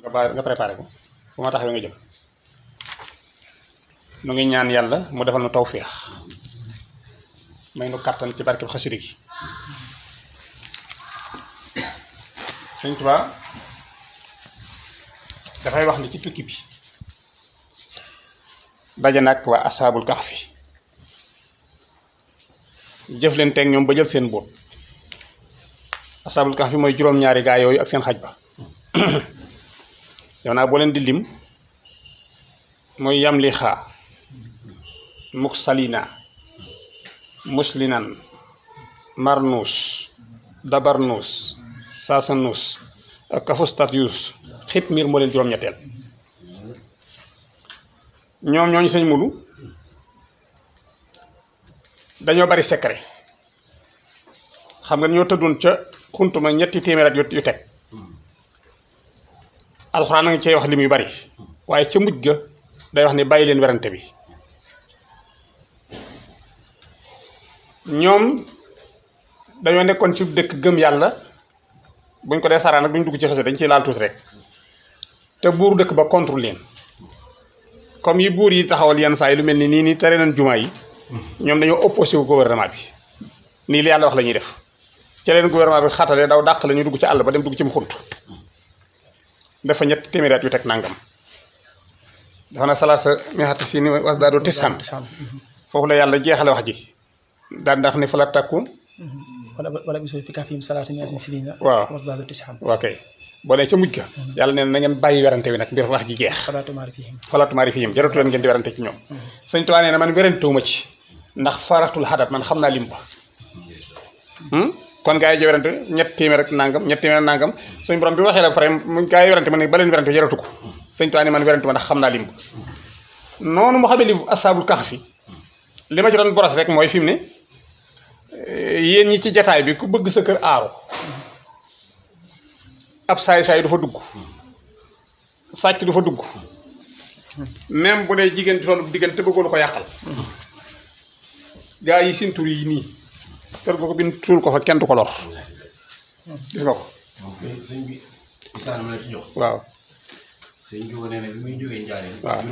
nga ba nga préparé ko fu ma taxawee nga jëm nu ngi ñaan yàlla mu defal nu tawféex may nu kàttan ci barkeb xasida gi Sëñ Tuubaa dafay wax ni ci tukki bi daje nag waa asaabul kahfi jëf leen teeg ñoom ba jël seen bóot asaabul kahfi mooy juróom-ñaari gaa yooyu ak seen xaj ba yow naa boo leen di lim mooy yamlixa muksalina muslinan marnus dabarnus sasanus kafustatius xit mo len leen juróom-ñetteel ñoom ñooñu señ mulu dañoo bari secret xam nga ñoo tudun ca xuntuma ñetti téeméer ak yu tek alquran nga cey wax limuy bari waye ci mujj ga day wax ni bàyyi leen werante bi ñom dañu nekkon ci dekk gem yalla buñ ko dé sara nak duñ dugg ci xase dañ ci laal tous rek te buru dekk ba contrôle leen comme yi buur yi taxawal yeen say lu melni ni ni téré nañ juma yi ñom dañu opposé wu gouvernement bi ni li yalla wax lañuy def ci leen gouvernement bi xatale daw dakk lañu dugg ci Allah ba dem dugg ci mu xuntu dafa ñett téméré at yu tek nangam dafa na salat mi mi'ati sinin was daru tisam mhm. fofu la yalla jeexale wax ji da ndax ni fala takku mhm. wala wala bisoo fi kaafihim salaata mi'atin sinin waaw was daru tisam wa kay bo mhm. nee ci mujja yalla yàlla na ngeen bayyi werante wi nak bir wax ji jéx jeex falaatu maari fihim jaratu len ngeen di werante ci ñoom sëñ Tuubaa nee na man ma ci ndax faratul hadab man xamna limba hmm kon gaay yi ñet ñett rek nangam ñet téeméer nangam suñ borom bi waxé la faré mu gaay yi mané balen ne ba leen werante ko sëñ Tuubaa man werante ma ndax xam naa lim mu xamee lim asaabul kahfi lima ci don boros rek moy fi eh, yeen ñi ci jotaay bi ku bëgg sa kër aaru ab say say du fa dugg sacc du fa dugg même bu né jigen ci don digënté bëggul ko yakal gaay yi seen tour yi ni kër googu bi suul ko fa kenn du ko gis nga ko. waaw. waaw juróomi ok ah,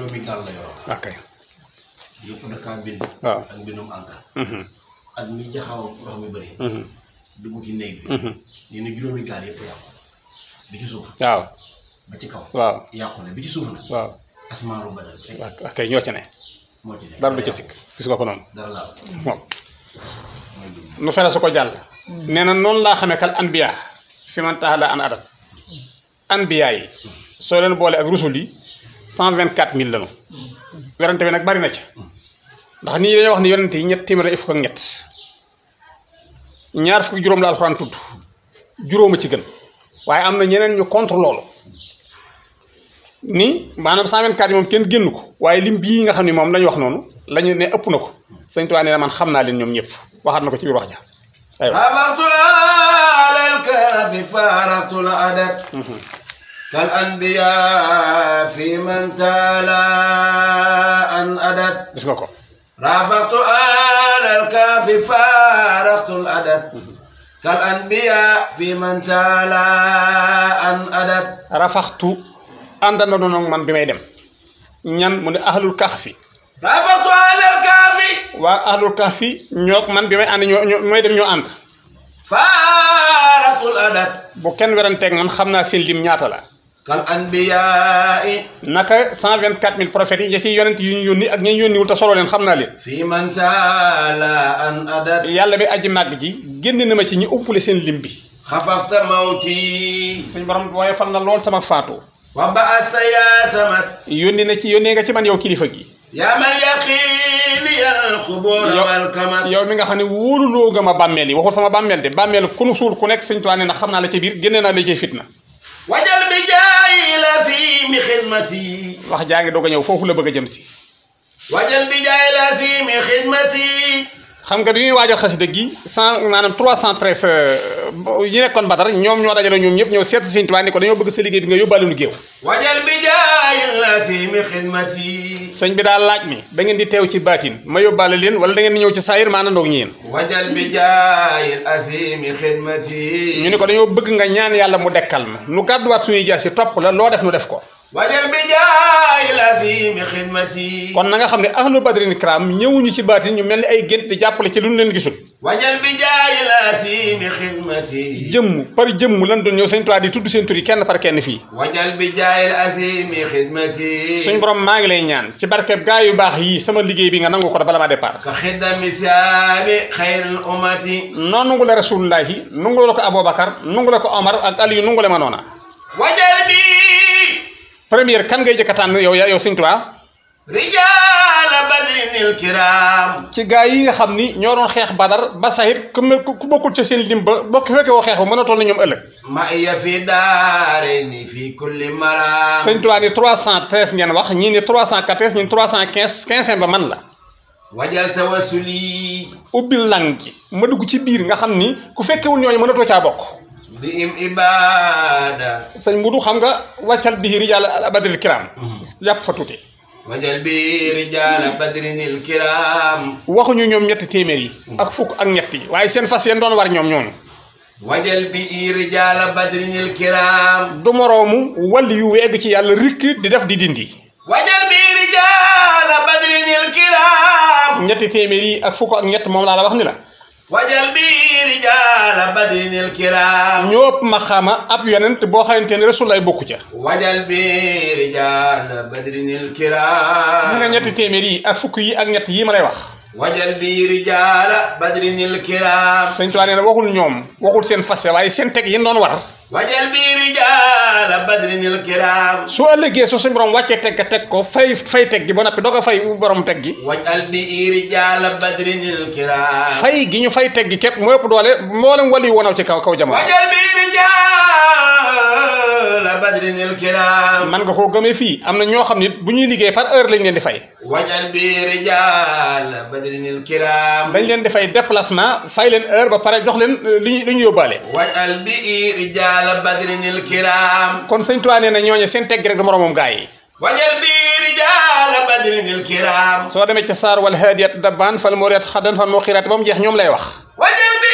suuf. waaw kaw. Mm-hmm. waaw mm-hmm. mm-hmm. yàqu bi ci suuf na. waaw ah, ñoo ci ne. dara du gis nga ko noonu. dara nu fene su ko jàll nee na noonu laa xamee kal anbiya fi man taxala an adat anbiya yi soo leen boole ak rusul yi cent vingt quatre mille lanu werante bi nag bari na ci ndax nii dañoo wax ni yonente yi ñett téeméer ak fukk ak ñett ñaar fukki juróom la alxuraan tudd juróoma ci gën waaye am na ñeneen ñu contre loolu ni manam 124 yi moom kenn génn ko waaye lim bi nga xamni mom lañ wax noonu lañ ne ëpp nako seigne touba Tuubaa man xamna naa leen ñoom ñëpp waxat nako ci bi wax ja ay wa al faratul kal anbiya aywa كالأنبياء في من تالا أن rafatu رافقت آل الكاف فارقت الأدت كالأنبياء في من تالا أن أدت رفقت àndandoo noonu man bi may dem ñan mu ne ahlul kahfi rafatu ahlul kahfi waa ahlul kahfi ñoog man bi may ànd ñoo ñoo may dem ñoo ànd faaratul adad bu kenn weranteeg man xam naa seen lim ñaata la kal anbiyaai naka cent vingt quatre mille prophètes yi ya ciy yu ñu yónni ak ñi ñu yónniwul te solo leen xam naa leen fii man taala an adad yàlla bi aji màgg ji génn na ma ci ñu uppule seen lim bi xafafta mawti suñ borom waaye fan na lool sama faatu wa baasa yaa samat yónni na ci yónnee nga ci man yow kilifa gi yaa man yaqiini alxuboor wal kamat yow mi nga xam ne wóoluloo nga ma bàmmeel yi waxul sama bàmmeel de bàmmeel ku nu suul ku nekk sëñ Tuubaa nee na xam naa la ci biir génne naa la ci fitna wajal bi jaayi la xidmati wax jaa ngi doog a ñëw foofu la bëgg a jëm si wajal bi jaayi la xidmati xam nga dañuy waajal xasida gi cent maanaam trois cent treize yi euh, nekkoon Badar ñoom ñoo dajale ñoom ñëpp ñëw seet si Sëriñ Tuubaa ni ko dañoo bëgg sa liggéey bi nga yóbbaale nu géew wajal bi jaay la simi xidmati sëñ bi daal laaj mi da ngeen di teew ci baatin ma yóbbaale leen wala da ngeen ñëw ci saayir ma àndandoog ñi yéen wajal bi jaay la simi xidmati ñu ni ko dañoo bëgg nga ñaan yàlla mu dekkal ma nu gàdduwaat suñuy jaas si topp la loo def nu def ko wajal bi jaay lazimi xidmati kon nanga xam ne ahlul badrin kiram ñëwuñu ci baatin ñu mel ni ay gént di jàppale ci lu ñu leen gisul wajal bi jaay lazimi xidmati jëmm par jëmm lan doon ñëw seen tuwi di tudd seen tur kenn par kenn fii wajal bi jaay lazimi xidmati suñ borom maa ngi lay ñaan ci barkeb gaa yu baax yi sama liggéey bi nga nangu ko bala ma départ ka xidami saabi xayril umati noo nungu la rasulullahi nungu la ko aboubacar nungu la ko omar ak aliyu nungu la ma noona premier kan ngay jëkk tànn yow yow seigne touba rijal badrinil kiram ci gaay yi nga xamni ño doon xex badar ba sahid ku bokul ci seen limba ba bokk fekke wo xex ba mën a toll na ñoom ëllëg ma ya fi daare ni fi kulli maram seigne touba ni 313 ngeen wax ñi ni 314 ñi 315 15 ba man la wajal tawassuli ubil langi ma dugg ci bir nga xamni ku fekke wul mën mëna to ca bokk bi im ibaada sëñ Mudu xam nga wàccal bi rijaal badril kiram jàpp mhm. fa tuuti wàccal bi waxuñu ñoom ñetti téeméer yi mhm. ak fukk ak ñett waaye seen fas yéen doon war ñoom ñooñu wajal bi i rijaala badrinil kiram du moroomu wàll yu weeg ci yàlla rikk di def di dindi wajal bi i rijaala badrinil kiram ñetti téeméer yi ak fukk ak ñett moom laa la wax ni la wajal bii rijaala badrinil kiraam ab yonent boo xamante ne rasulaay bokku ca wajal bii rijaala badrinil nga ñetti téeméer yi ak fukk yi ak ñett yii ma lay wax wajal bii rijaala badrinil kiraam sëñ Tuubaa nee na waxul ñoom waxul seen fase waaye seen teg yi doon war wajal bi rijaal badrinil kiraam su ëllëgee su suñu borom wàccee teg teg ko fay fay teg gi ba noppi doo ko fay borom teg gi. wajal bi rijaal badrinil kiraam. fay gi ñu fay teg gi képp moo ëpp doole mboolem wali wonaw ci kaw kaw jamono. wajal bi rijaal badrinil man nga koo gëmee fii am na ñoo xam ne bu ñuy liggéey par heure lañ leen di fay. wajal bi rijaal badrinil kiraam. dañ leen di fay déplacement fay leen heure ba pare jox leen li ñuy li ñu yóbbaale. wajal bi rijaal. rijaala badrinil kiraam kon sëñ Tuubaa nee na ñooñu seen tegg rek du moromam gaa yi wañal bi rijaala badrinil kiraam soo demee ci saar wal haadiyat dabbaan fal muriyat xadan fal muqiraat ba mu jeex ñoom lay wax wañal bi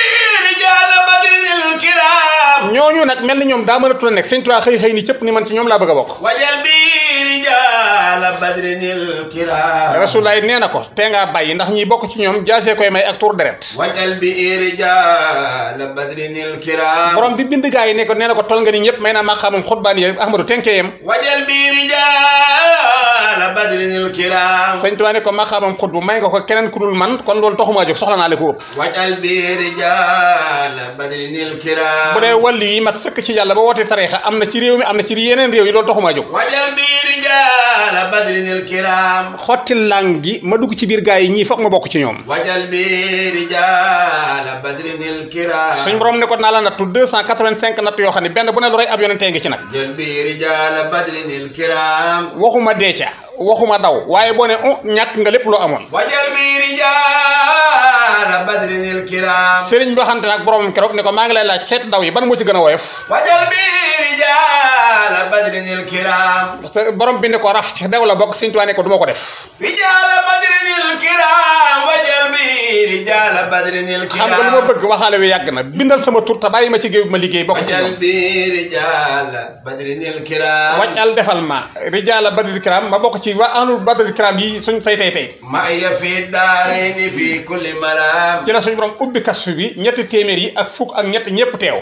rijaala badrinil kiraam ñooñu nag mel ni ñoom daa mënatu la nekk sëñ Tuubaa xëy xëy ni cëpp ni man ci ñoom laa bëgg bokk rijaala badrinil kiraam rasulaay nee na ko te ngaa bàyyi ndax ñi bokk ci ñoom jaasee koy may ak tur deret wajal bi rijaala badrinil kiraam borom bi bind gaa yi ne na ko tol nga ni ñëpp may naa maqaamam xutbaan yi ahmadu tenkeyem wajal bi rijaala badrinil kiraam sëñ Tuubaa ne ko maqaamam xutbu may nga ko keneen man kon loolu taxumaa jóg soxla naa la ko ëpp wajal bi rijaala badrinil kiraam bu sëkk ci yàlla ba woote tariixa am na ci réew mi am na ci yeneen réew yi loolu taxumaa jóg rijaala xotti lang gi ma dugg ci biir gaa yi ñii foog ma bokk ci ñoom wajal bi rijaala badrinil kiraam suñ borom ne ko naa la nattu deux cent quatre vingt yoo xam ne benn bu ne lu rey ab yonentee ngi ci nag jël bi rijaala badrinil kiraam waxuma deeca waxuma daw waaye boo ne oh ñàkk nga lépp loo amoon. wajal bi rijaala badrinil kiram. Sëriñ boo xamante nag boromam keroog ne ko maa ngi lay laaj xeetu daw yi ban moo gën a woyof. wajal bi rijaala badrinil kiram. parce que borom bi ne ko raf ci daw la bokk Sëriñ Tuubaa ne ko du ko def. rijaala badrinil kiram wajal bi rijaala badrinil kiram. xam yàgg na bindal sama tur te ma ci géew ma liggéey bokk ci ñoom. wajal defal ma rijaala badrinil kiram ma bokk ci waa anul badal kiram yi suñ tey tey tey ma ya fi daarayni fi kulli maram ci la suñu borom ubbi kasu bi ñetti téeméer yi ak fukk ak ñett ñëpp teew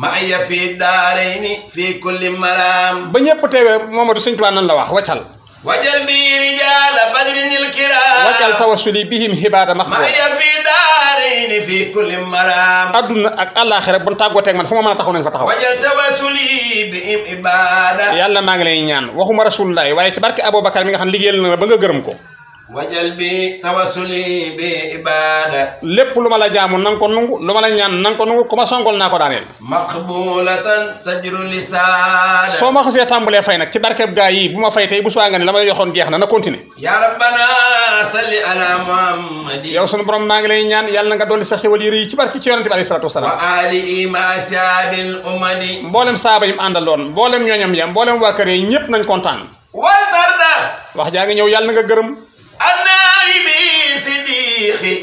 ma ya fi daarayni fi kulli maram ba ñëpp teewee Momadou Sëñ Tuubaa nan la wax waccal wajal bi rijaala badrinil kiraam wajal tawassuli bihim xibaada maxbuuba fi daarayni fi kulli maraam adduna ak àllaaxira bu tàggoo teg man fu ma mën a taxaw nañ fa taxaw wajal tawassuli bihim ibaada yàlla maa ngi lay ñaan waxuma rasulullahi waaye ci barke Aboubacar mi nga xam liggéeyal na la ba nga gërëm ko wajal bi tawasuli bi ibada lépp lu ma la jaamu na nga ko nungu lu ma la ñaan nan ko nungu ku ma songol naa ko daaneel maqbulatan tajru lisaada soo ma xasee tàmbalee fay nag ci barkeb gaa yi bu ma fay tey bu suwaa nga ne la ma joxoon jeex na na continuer ya rabbana salli ala muhammadi yow sunu borom maa ngi lay ñaan yàlla na nga dolli sa xéwal yi ci barki ci yonente bi alayhi salaatu wasalaam wa alihi ma asaabil umadi mboolem saaba yi mu loon mboolem ñooñam ya mboolem waa kër ñëpp nañ kontaan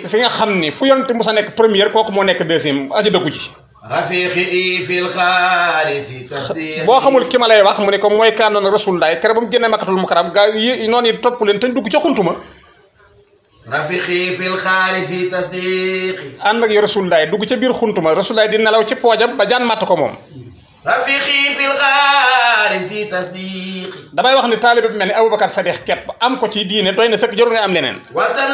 fi nga xam ni fu mu musa nekk première kooku moo nekk deuxième aji dëggu ji boo xamul ki ma lay wax mu ne ko mooy kaanoon rasul daay kere ba mu génne makkatul mukarram gaa yi noonu yi topp leen te dugg ca xuntuma rafiqi fil xaalisi tasdiqi ànd ak yo rasul dugg ca biir xuntuma rasul daay di nelaw ci poojam ba jaan màtt ko moom rafiqi fil xaarisi tasdiqi damay wax ni taalibe bi mel ni Aboubacar Sadiq képp am ko ci diine doy na sëkk jarul ngay am leneen waxtan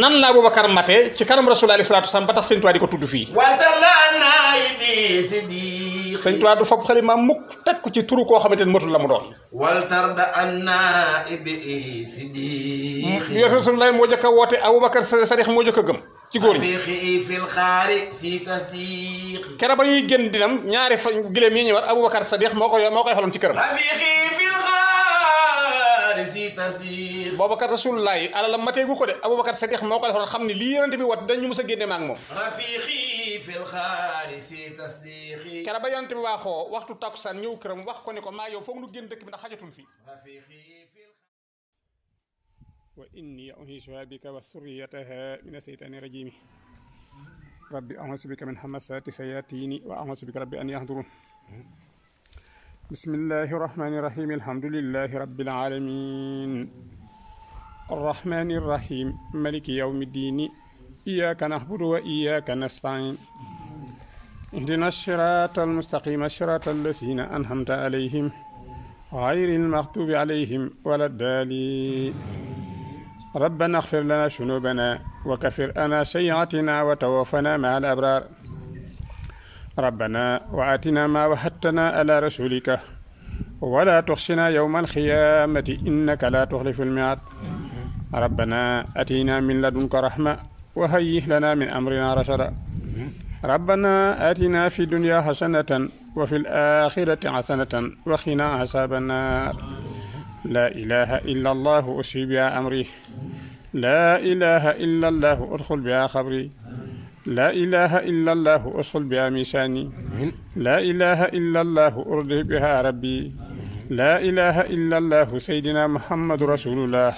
nan la Aboubacar mate ci kanam rasul alayhi salaatu salaam ba tax sëñ Tuubaa di ko tudd fii waxtan la annaay du fab xalima mukk teg ko ci turu koo xamante ni matul la mu doon waltar da annaay bi sidiqi rasul moo jëkk a woote Aboubacar Sadiq moo jëkk a gëm ci góor ñi kera ba ñuy génn dinam ñaari fa gileem yi ñu war Aboubacar Sadiq moo koy moo koy xaloon ci këram Aboubacar Rasulullah yi ala la matee gu ko de Aboubacar Sadiq moo koy xaloon xam ni lii yonente bi wat dañ ñu a génne ma ak moom kera ba yonente bi waaxoo waxtu takkusaan ñëw këram wax ko ni ko maa yow foog nu génn dëkk bi ndax xajatul fii وإني أنهشها بك وسريتها من الشيطان الرجيم ربي أعوذ بك من همسات سياتيني وأعوذ بك ربي أن يحضرون بسم الله الرحمن الرحيم الحمد لله رب العالمين الرحمن الرحيم ملك يوم الدين إياك نعبد وإياك نستعين اهدنا الصراط المستقيم صراط الذين أنعمت عليهم غير المغضوب عليهم ولا الضالين ربنا اغفر لنا ذنوبنا وكفر أنا سيئاتنا وتوفنا مع الأبرار ربنا وآتنا ما وحدتنا على رسولك ولا تخصنا يوم القيامة إنك لا تخلف الميعاد ربنا أتينا من لدنك رحمة وهيئ لنا من أمرنا رشدا ربنا آتنا في الدنيا حسنة وفي الآخرة حسنة وخنا عذاب النار لا إله إلا الله أسري بها أمري لا إله إلا الله أدخل بها خبري لا إله إلا الله أدخل بها ميساني لا إله إلا الله أرضي بها ربي لا إله إلا الله سيدنا محمد رسول الله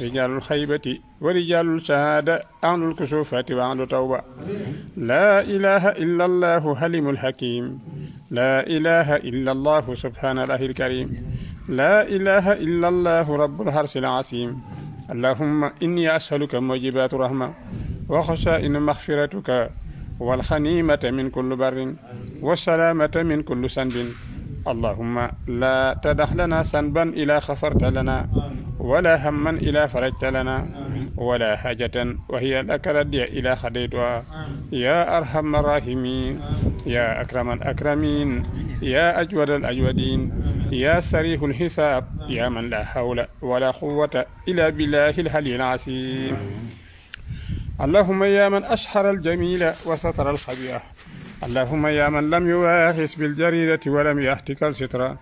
رجال الخيبة ورجال الشهادة أهل الكسوفة وأهل التوبة لا إله إلا الله حليم الحكيم لا إله إلا الله سبحان الله الكريم لا إله إلا الله رب الحرس العظيم اللهم إني أسألك موجبات رحمة وخشائن مغفرتك والحنيمة من كل بر والسلامة من كل سنب اللهم لا تدح لنا سنبا إلا غفرت لنا ولا هما إلى فرجت لنا ولا حاجة وهي لك ردي إلى خديتها يا أرحم الراحمين يا أكرم الأكرمين يا أجود الأجودين يا سريح الحساب يا من لا حول ولا قوة إلا بالله الحلي العسيم اللهم يا من أشهر الجميل وستر الخبيئة اللهم يا من لم يواهس بالجريدة ولم يحتك الستر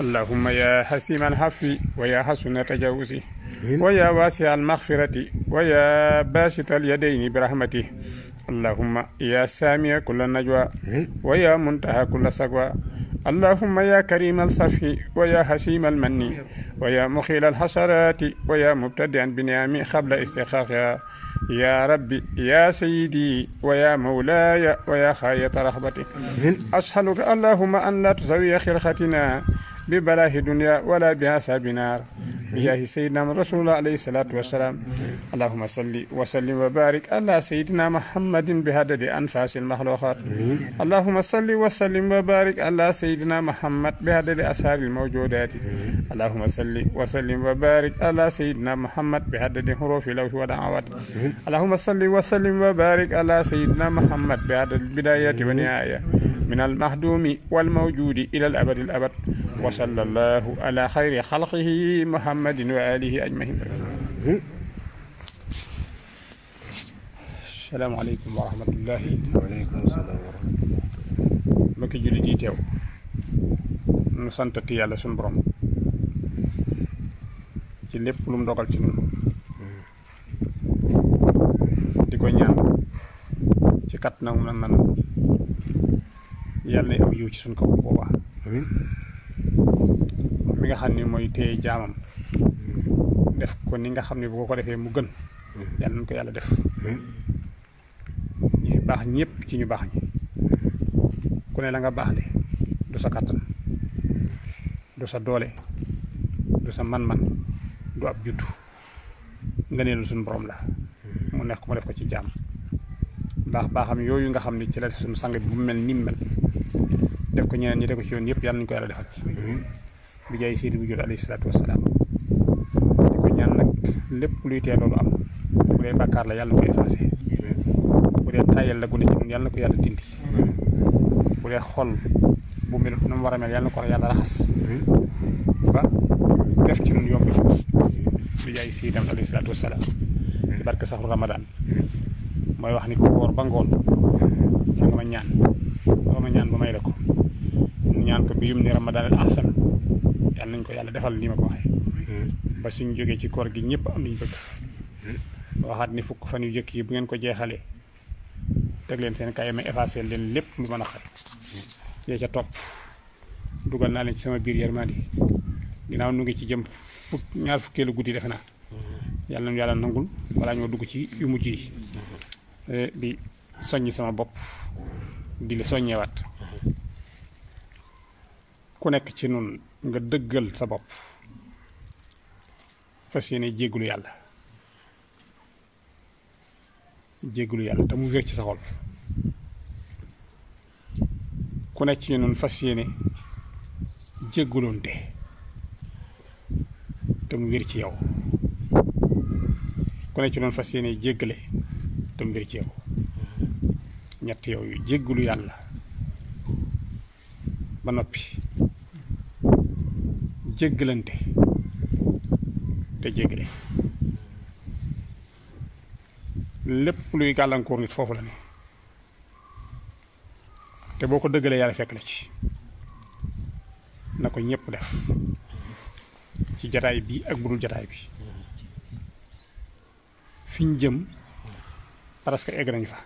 اللهم يا حسيم الحفي ويا حسن التجاوزي ويا واسع المغفرة ويا باسط اليدين برحمته اللهم يا سامي كل النجوى ويا منتهى كل سقوى اللهم يا كريم الصفي ويا حسيم المني ويا مخيل الحشرات ويا مبتدئا بنعم قبل استخافها يا ربي يا سيدي ويا مولاي ويا خاية رحمتك أسألك اللهم أن لا تزوي خلقتنا ببلاه دنيا ولا بعذاب نار بياه سيدنا رسول الله عليه الصلاة والسلام اللهم صل وسلم وبارك على سيدنا محمد بهدد أنفاس المخلوقات اللهم صل وسلم وبارك على سيدنا محمد بهدد أسهار الموجودات اللهم صل وسلم وبارك على سيدنا محمد بهدد حروف لوح ودعوات اللهم صل وسلم وبارك على سيدنا محمد بهدد البداية والنهاية من المهدوم والموجود إلى الأبد الأبد وصلى الله على خير خلقه محمد وآله أجمعين السلام عليكم ورحمة الله وعليكم السلام ورحمة الله mbokki jullit yi teew على سنبرم yàlla suñu borom ci lépp lu mu dogal ci ñun yàlla na aw yiw ci suñ kaw bu boobaa amin mi nga xam ne mooy jaamam def ko ni nga xam bu ko ko defee mu gën yàlla def ñi fi baax ñëpp ci ñu baax ñi ku ne la nga baax le du sa kàttan du sa doole du sa man-man du ab juddu nga neelu suñu borom la mu neex ko mu def ko ci jaam baax baaxam yooyu nga xam ci la sang bu mel ni mel def ko ñeneen ñi def ko ci yoon yëpp yàlla nañu ko yàlla defal bi jaay Seydi bi jot alayhi salaatu wasalaam di ko ñaan nag lépp luy tee loolu am bu dee bàkkaar la yàlla na ko effacé bu dee tayal la gu ci ñun yàlla ko yàlla dindi bu dee xol bu mel na mu war a mel yàlla ko yàlla raxas ba def ci ñun yomb ci bi jaay Seydi alayhi salaatu wasalaam ci barke sax Ramadan mooy wax ni ko woor ba ngoon nga ma ñaan ba ma ñaan ba may la ko ñaan ko bi yum ni ramadan al ahsan yal nañ ko yalla defal ni ma ko waxee hmm. ba suñu joge ci koor gi ñepp am liñ bëgg hmm. waxat ni fukk fan yu jëk yi bu ngeen ko jéxalé tegg leen seen kayima effacer leen lepp lu mëna xat hmm. yee ca top dugal na leen ci sama biir yërmande ginaaw nu ngi ci jëm fukk ñaar fukkeelu guddi defe naa yàlla nañu yàlla nangul wala ñoo dugg ci yu eh, di soññi sama bop di la soññeewaat ku nekk ci nun nga dëggal sa bopp fas yéene jéggulu yàlla jéggulu yàlla te mu wér ci sa xol ku nekk ci nun fas yéene jéggulonte te mu wér ci yow ku nekk ci nun fas yéene jéggale te mu yu jéggulu yàlla ba noppi jéggalante te jéggale lépp luy gàllankoor nit foofu la ne te boo ko dëggalee yàlla fekk la ci na ko ñépp def ci jataay bi ak budul jataay bi fi jëm parce que egg nañ fa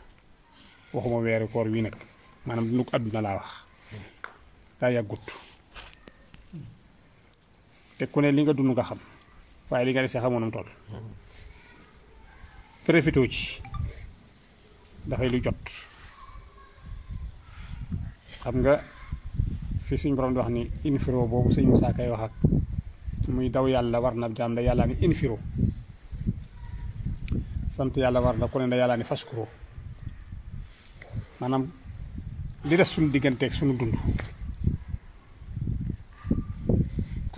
waxuma weeru koor wii nekk maanaam dund ko àdduna laa wax daa yàggut te ku ne li nga dund nga xam waaye li nga dese xamoon mu toll profité ci dafay lu jot xam nga fi suñ borom wax ni infiro boobu suñ kay wax ak muy daw yàlla war na da yàlla ni infiro sant yàlla war ku ne da yàlla ni faskuro maanaam li des suñu digganteeg suñu dund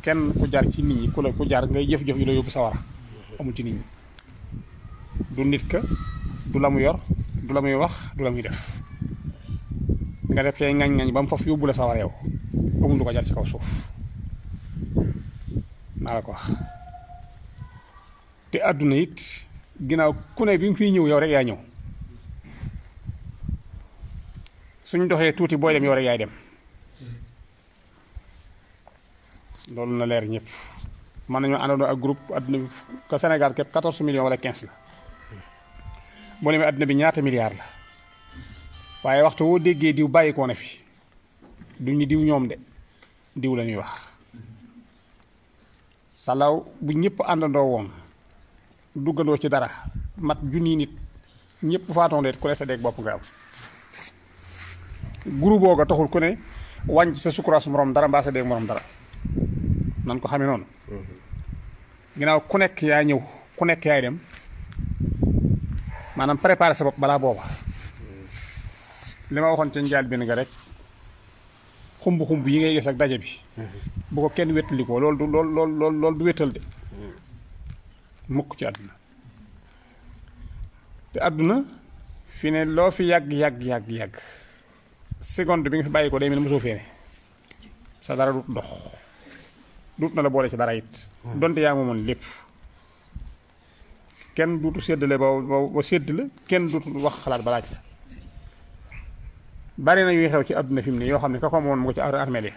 ken ku jar ci nit ñi ku la ku jar ngay jëf-jëf yu la yóbbu sawara amu ci nit ñi du nit ka du lamu yor du la wax du la def nga def tay ngañ-ngañ bam fof faf yóbbu la sawara yow amu du ko jar ci kaw suuf na la ko wax te aduna it ginaaw ku ne bi mu fi ñew yow rek ya ñew suñ doxé tuuti boy dem yow rek yaay dem lolou na leer ñep man nañoo andono ak groupe aduna ko Sénégal 14 millions wala 15 la mo demee aduna bi ñaata milliard la waye waxtu wo déggé diw bayé ko na fi duñ ni diw ñom dé diw lañuy wax salaw bu ñep andando won duggalo ci dara mat juni nit ñep faatoon deet ku ne sa dégg nga am groupe booga taxul ku ne sa sukuras morom dara mbaa sa dégg morom dara nan ko xamee noonu. ginnaaw ku nekk yaa ñëw ku nekk yaay dem maanaam préparer sa bopp balaa booba. li ma waxoon ca njaal bi nga rek xumb xumb yi ngay gis ak daje bi. bu ko kenn wéttalikoo lool du loolu lool du wéttal de. mukk ci àdduna te àdduna fi ne loo fi yàgg yàgg yàgg yàgg seconde bi nga fi bàyyi ko day mel ni mosoo sa dara du dox. duut na la boole ci dara it. donte yaa moomoon lépp. kenn duutu séddale ba ba sédd la kenn duutu wax xalaat balaa ci la bari na yuy xew ci àdduna fi mu ne yoo xam ne ka ko moom mu ko ci armeel yi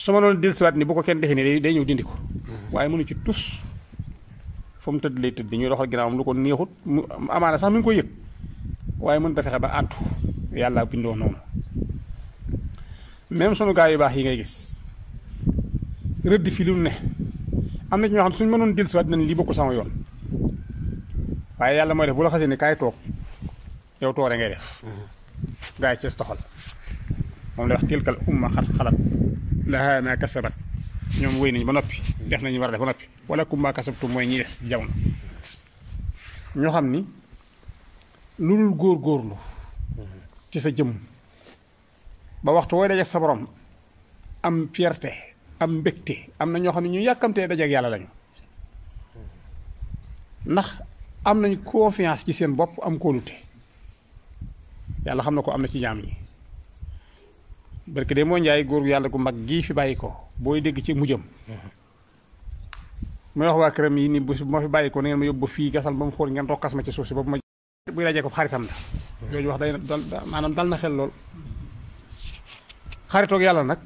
su ma doon dellusiwaat ni bu ko kenn defee nii day ñëw dindi ko waaye mënu ci tus fu tëdd lay tëdd ñuy doxal ginnaawam lu ko neexut mu amaana sax mi ngi koy yëg waaye mënut a fexe ba àttu yàlla bindoo noonu même sunu gaa yu baax yi ngay gis rëdd fi lu ne am na ci ñoo xam ne suñ mënoon dellusiwaat dinañ lii bokkul sama yoon waaye yàlla mooy def bu la xasee ne kaay toog yow toore ngay def gaa yi cees toxal moom la wax tilkal umma xat xalat lahaa maa kasabat ñoom wéy nañu ba noppi def nañu war a def ba noppi wala kummaa kasabtu mooy ñi des jamono ñoo xam ni lu dul góor góorlu ci sa jëm ba waxtu wooy dajeek sa borom am fierté am mbégte am na ñoo xam ne ñu yàkkamtee dajeeg yàlla lañu ndax am nañ confiance ci seen bopp am kóolute yàlla xam na ko am na ci jaam ñi barke de moo njaay góor yàlla gu mag gii fi bàyyi ko booy dégg ci mujjam muy wax waa këram yi ni bu ma fi bàyyi ko na ngeen ma yóbbu fii gasal ba mu xool ngeen rokkas ma ci suuf si ba bu ma buy dajee ko xaritam la yooyu wax day dal maanaam dal na xel lool xaritoog yàlla nag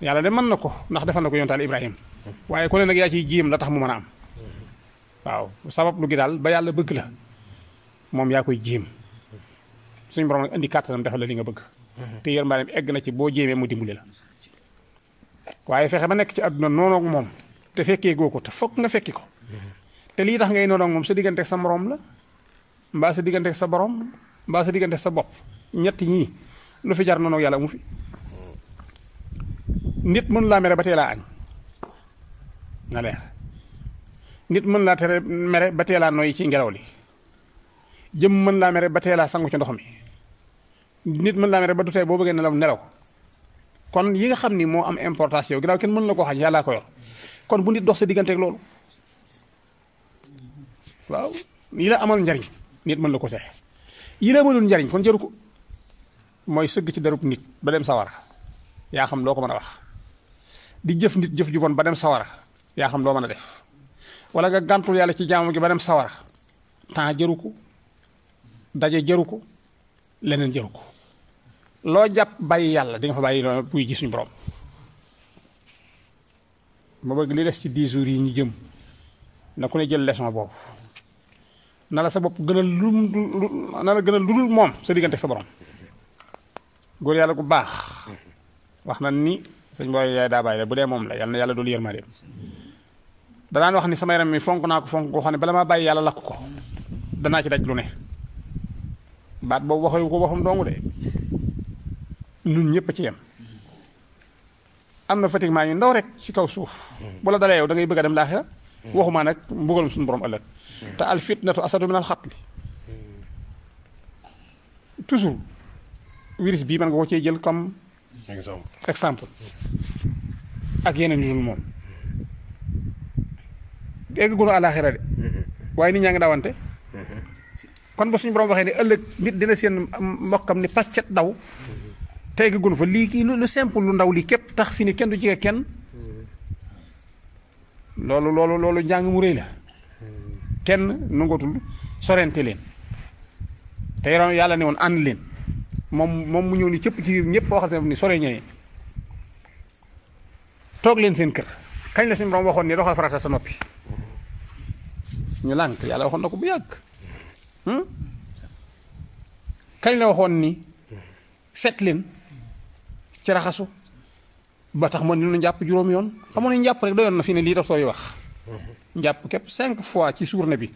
yalla de noko, na ndax defal nako ko ibrahim waye ko ku ne ya ci jim la tax mu mën am waaw sabab lu gi dal ba yalla bëgg la mom ya koy jim suñu borom nak indi katanam defal la li nga bëgg te yërmaaneem egg na ci bo jeme mu dimbulé la waye fexé ba nek ci àdduna ak mom te fekkee goko te fokk nga fekki ko te li tax ngay ak mom sa digënté sa morom la mba sa digënté sa borom mba sa digënté sa bop ñet ñi lu fi jar noonoog yalla mu fi nit mënu laa mere ba teelaa añ na nit mën laa tere mere ba teelaa noyyi ci ngelaw li jëm mën laa mere ba teelaa sangu ci ndox mi nit mën laa mere ba du tey boo bëggee nelaw nelaw kon yi nga xam ni moo am importance yow ginnaaw kenn mën la koo xañ yàllaa ko kon bu nit dox sa digganteeg loolu waaw yi la amal njariñ nit mën la ko tere yi la njariñ kon jaru ko mooy sëgg ci darub nit ba dem sawara yaa xam loo ko mën a wax di jëf nit jëf ju bon ba dem sawara ya xam loo mëna def wala nga gantul yalla ci jamm gi ba dem sawara ta jëruko dajé jëruko jëru ko leneen jëru ko loo jàpp bàyyi di nga fa bàyyi loo buy gis suñu borom ma bëgg li dess ci 10 jours yi ñu jëm na ku ne jël leçon boobu na la sa bop gën lu na la gën mom sa digënté sa borom gor yalla ku bax waxna ni sëñ booy yaay daa bàyyi la bu dee moom la yàlla na yàlla dul yërmandeem danaan wax ni sama yaram mi fonk naa ko fonk ko xam ne bala maa bàyyi yàlla lakk ko danaa ci daj lu ne baat boobu waxee ko waxam dong de ñun ñëpp ci yam am na fatiguement yu ndaw rek ci kaw suuf bu la dalee yow da ngay bëgg a dem laaxira waxumaa nag mbugalum suñu borom ëllëg te al fitnatu asadu min al xatli toujours virus bii mën nga ko cee jël comme exemple exemple ak yeneen yu dul moom. eggaguñu àlaaxira de. Mm-hmm. waaye nit ñaa ngi dawante. Mm-hmm. kon ba suñ borom waxee ne ëllëg nit dina seen mbokkam ni pàccet daw. Mm-hmm. te eggaguñu fa lii kii lu simple lu ndaw lii képp tax fi ni kenn du jege kenn. loolu loolu loolu njàng mu rëy la. kenn nangootul sorente leen. te yaram yàlla ne woon ànd leen. moom moom mu ñëw ni cëpp ci ñëpp waxal seen ni sore ñeneen toog leen seen kër kañ la suñu waxoon ne doxal farata sa noppi ñu lànk yàlla waxoon na ko bu yàgg hmm? kañ la waxoon ni set leen ci raxasu ba tax man ni nu jàpp juróom yoon xamoon ni njàpp rek doyoon na fi ne lii docteur sooy wax njàpp képp cinq fois ci journée bi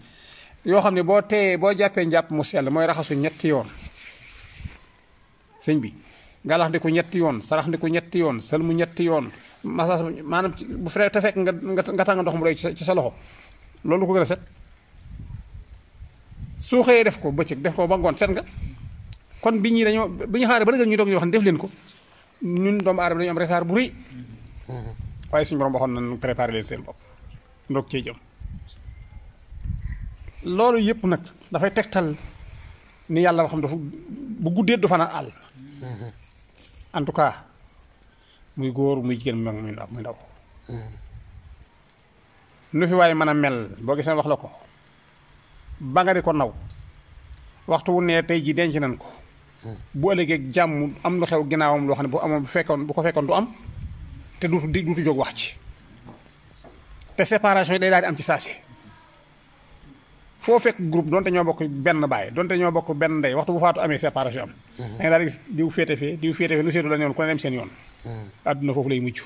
yoo xam ne boo teeyee boo jàppee njàpp mu sell mooy raxasu ñetti yoon sëñ bi galax ndi ko ñetti yoon sarax ko ñetti yoon salmu ñetti yoon massage ci bu fere te fekk nga nga tàng ndox mu doy ci sa loxo loolu ko gën a set soo xëyee def ko bëccëg def ko ba ngoon set nga kon bi ñi dañoo bi ñu xaaree ba dëgg ñu doog yoo xam ne def leen ko ñun doomu aadama dañu am retard bu rëy waaye suñu borom waxoon nañu préparé leen seen bopp ndoog cee jëm yëpp nag dafay tegtal ni yàlla xam dafa bu guddee du fanaan àll en tout cas muy góor muy jigéen mag muy ndaw muy nu fi waaye mën a mel boo gisee wax la ko ba nga di ko naw waxtu wu ne tey ji denc nañ ko bu ëllëgee jàmm am na xew ginnaawam loo xam ne bu amoon bu fekkoon bu ko fekkoon du am te du di duutu jóg wax ci te séparation yi day daal di am ci saasi foo fekk groupe donte ñoo bokk benn baay donte ñoo bokk benn ndey waxtu bu faatu amee séparation am mhm. da nga daal gis diw féete fee diw féete fee lu seetu la yoon ku ne dem seen yoon mhm. àdduna foofu lay mujj